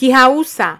que Raul Sá